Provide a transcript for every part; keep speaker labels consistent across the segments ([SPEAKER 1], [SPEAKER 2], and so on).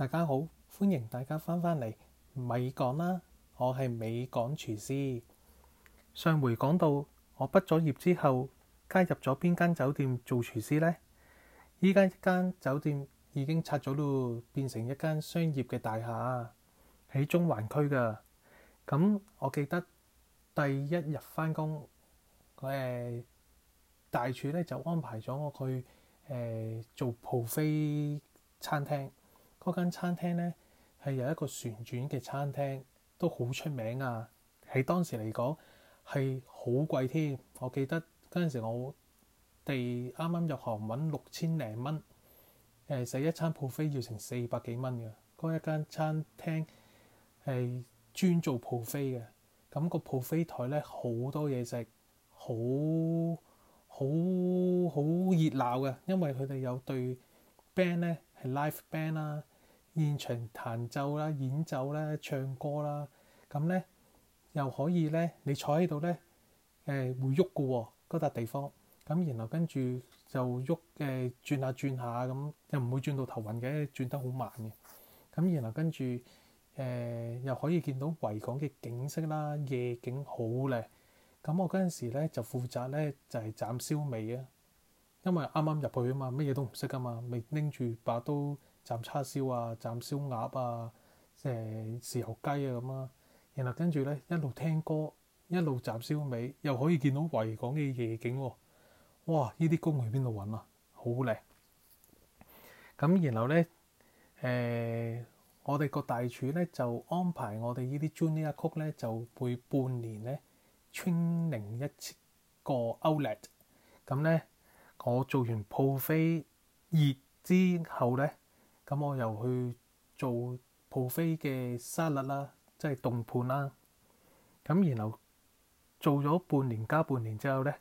[SPEAKER 1] 大家好，歡迎大家翻返嚟美港啦。我係美港廚師。上回講到我畢咗業之後加入咗邊間酒店做廚師呢？依家，一間酒店已經拆咗咯，變成一間商業嘅大廈喺中環區噶。咁我記得第一日返工，誒、那個、大廚咧就安排咗我去誒、呃、做 buffet 餐廳。嗰間餐廳咧係有一個旋轉嘅餐廳，都好出名啊！喺當時嚟講係好貴添，我記得嗰陣時我哋啱啱入行搵六千零蚊，誒使一餐 buffet 要成四百幾蚊嘅。嗰一間餐廳係專做 buffet 嘅，咁、那個 buffet 台咧好多嘢食，好好好熱鬧嘅，因為佢哋有對 band 咧係 live band 啦、啊。現場彈奏啦、演奏啦、唱歌啦，咁咧又可以咧，你坐喺度咧，誒、呃、會喐嘅喎，嗰、那、笪、個、地方，咁然後跟住就喐誒、呃、轉下轉下咁，又唔會轉到頭暈嘅，轉得好慢嘅，咁然後跟住誒、呃、又可以見到維港嘅景色啦，夜景好靚，咁我嗰陣時咧就負責咧就係、是、斬燒味啊，因為啱啱入去啊嘛，乜嘢都唔識噶嘛，未拎住把刀。斬叉燒啊，斬燒鴨啊，誒、呃、豉油雞啊咁啦。然後跟住咧，一路聽歌，一路斬燒味，又可以見到維港嘅夜景喎、哦。哇！呢啲工去邊度揾啊？好靚咁，然後咧，誒、呃、我哋個大廚咧就安排我哋呢啲 junior 曲咧，就會半年咧轉零一次個 Outlet。咁咧，我做完鋪飛熱之後咧。咁我又去做鋪飛嘅沙律啦，即係凍盤啦。咁然後做咗半年加半年之後咧，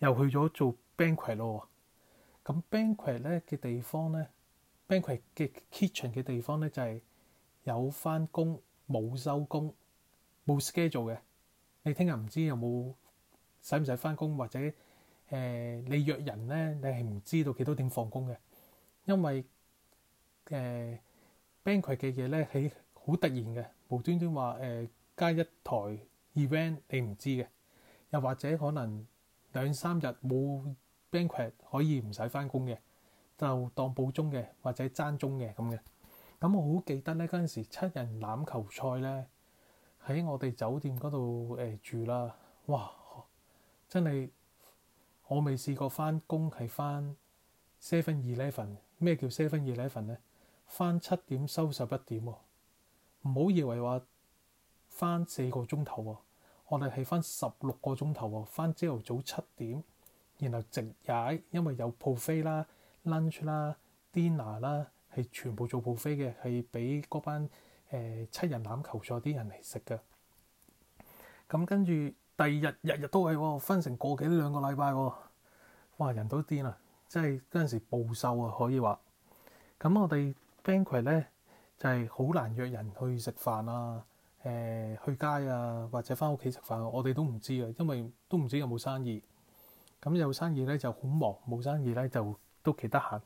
[SPEAKER 1] 又去咗做 banquet 咯。咁 banquet 咧嘅地方咧，banquet 嘅 kitchen 嘅地方咧就係、是、有翻工冇收工冇 schedule 嘅。你聽日唔知有冇使唔使翻工，或者誒、呃、你約人咧，你係唔知道幾多點放工嘅，因為。誒 banquet 嘅嘢咧，係好、呃、突然嘅，無端端話誒、呃、加一台 event，你唔知嘅，又或者可能兩三日冇 banquet 可以唔使翻工嘅，就當補鐘嘅或者爭鐘嘅咁嘅。咁我好記得咧，嗰陣時七人欖球賽咧，喺我哋酒店嗰度誒住啦，哇！真係我未試過翻工係翻 seven eleven，咩叫 seven eleven 咧？翻七點收十一點喎、哦，唔好以為話翻四個鐘頭喎，我哋係翻十六個鐘頭喎，翻朝頭早七點，然後直踩，因為有 buffet 啦、lunch 啦、dinner 啦，係全部做 buffet 嘅，係俾嗰班誒、呃、七人欖球賽啲人嚟食㗎。咁跟住第二日日日都係喎、哦，分成個幾兩個禮拜喎，哇，人都癲啊！即係嗰陣時暴瘦啊可以話，咁我哋。b a n 咧就係、是、好難約人去食飯啊，誒、呃、去街啊，或者翻屋企食飯，我哋都唔知啊，因為都唔知有冇生意。咁有生意咧就好忙，冇生意咧就都幾得閒。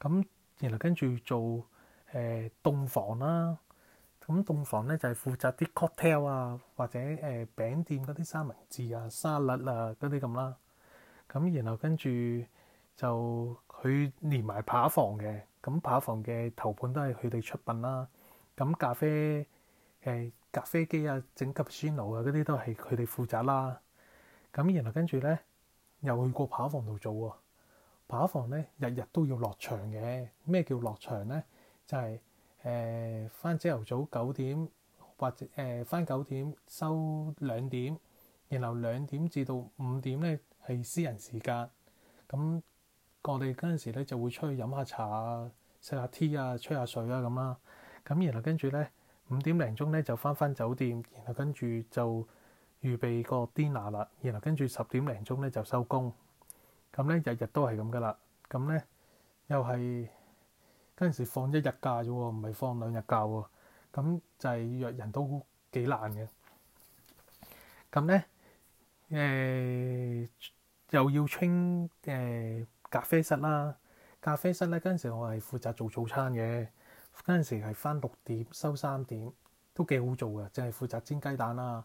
[SPEAKER 1] 咁然後跟住做誒、呃、洞房啦、啊，咁洞房咧就係、是、負責啲 cocktail 啊，或者誒餅、呃、店嗰啲三明治啊、沙律啊嗰啲咁啦。咁然後跟住就。佢連埋扒房嘅，咁扒房嘅頭盤都係佢哋出品啦。咁咖啡誒、呃、咖啡機啊、整卡布奇諾啊嗰啲都係佢哋負責啦。咁然後跟住咧又去過扒房度做喎、啊。扒房咧日日都要落場嘅。咩叫落場咧？就係誒返朝頭早九點或者誒返九點收兩點，然後兩點至到五點咧係私人時間咁。嗯。我哋嗰陣時咧就會出去飲下茶啊、食下 tea 啊、吹下水啊咁啦。咁然後跟住咧五點零鐘咧就返返酒店，然後跟住就預備個 dinner 啦。然後跟住十點零鐘咧就收工。咁咧日日都係咁噶啦。咁咧又係嗰陣時放一日假啫喎，唔係放兩日假喎。咁就係約人都幾難嘅。咁咧誒又要清、呃。r 咖啡室啦，咖啡室咧，嗰陣時我係負責做早餐嘅。嗰陣時係翻六點收三點，都幾好做嘅，淨係負責煎雞蛋啊，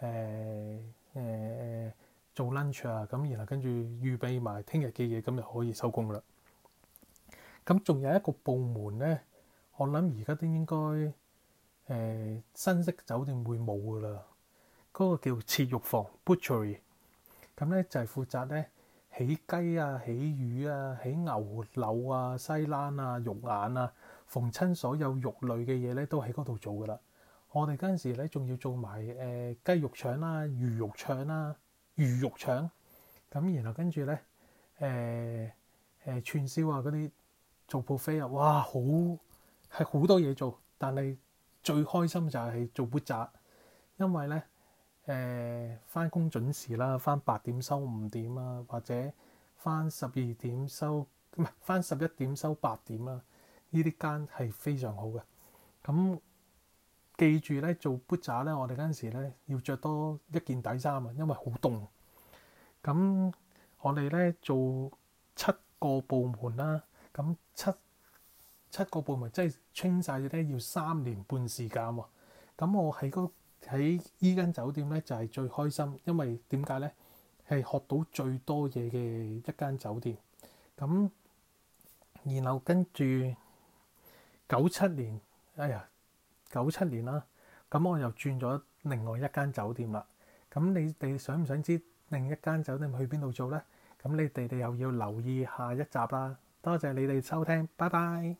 [SPEAKER 1] 誒誒做 lunch 啊，咁然後跟住預備埋聽日嘅嘢，咁就可以收工啦。咁仲有一個部門咧，我諗而家都應該誒新式酒店會冇噶啦，嗰個叫切肉房 （butchery）。咁咧就係負責咧。起雞啊，起魚啊，起牛柳啊、西冷啊、肉眼啊，逢親所有肉類嘅嘢咧，都喺嗰度做㗎喇。我哋嗰陣時咧，仲要做埋誒、呃、雞肉腸啦、啊、魚肉腸啦、啊、魚肉腸。咁然後跟住咧，誒、呃、誒、呃、串燒啊嗰啲，做 buffet、er, 啊，哇好係好多嘢做。但係最開心就係做砵仔，因為咧。誒、翻工準時啦，翻八點收五點啊，或者翻十二點收，唔係翻十一點收八點啦。呢啲間係非常好嘅。咁、嗯、記住咧，做 butcher 咧，我哋嗰陣時咧要着多一件底衫啊，因為好凍。咁、嗯、我哋咧做七個部門啦，咁、嗯、七七個部門即係清晒咧，要三年半時間喎。咁、嗯、我喺嗰、那個。喺依間酒店咧就係最開心，因為點解咧？係學到最多嘢嘅一間酒店。咁然後跟住九七年，哎呀，九七年啦。咁我又轉咗另外一間酒店啦。咁你哋想唔想知另一間酒店去邊度做咧？咁你哋哋又要留意下一集啦。多謝你哋收聽，拜拜。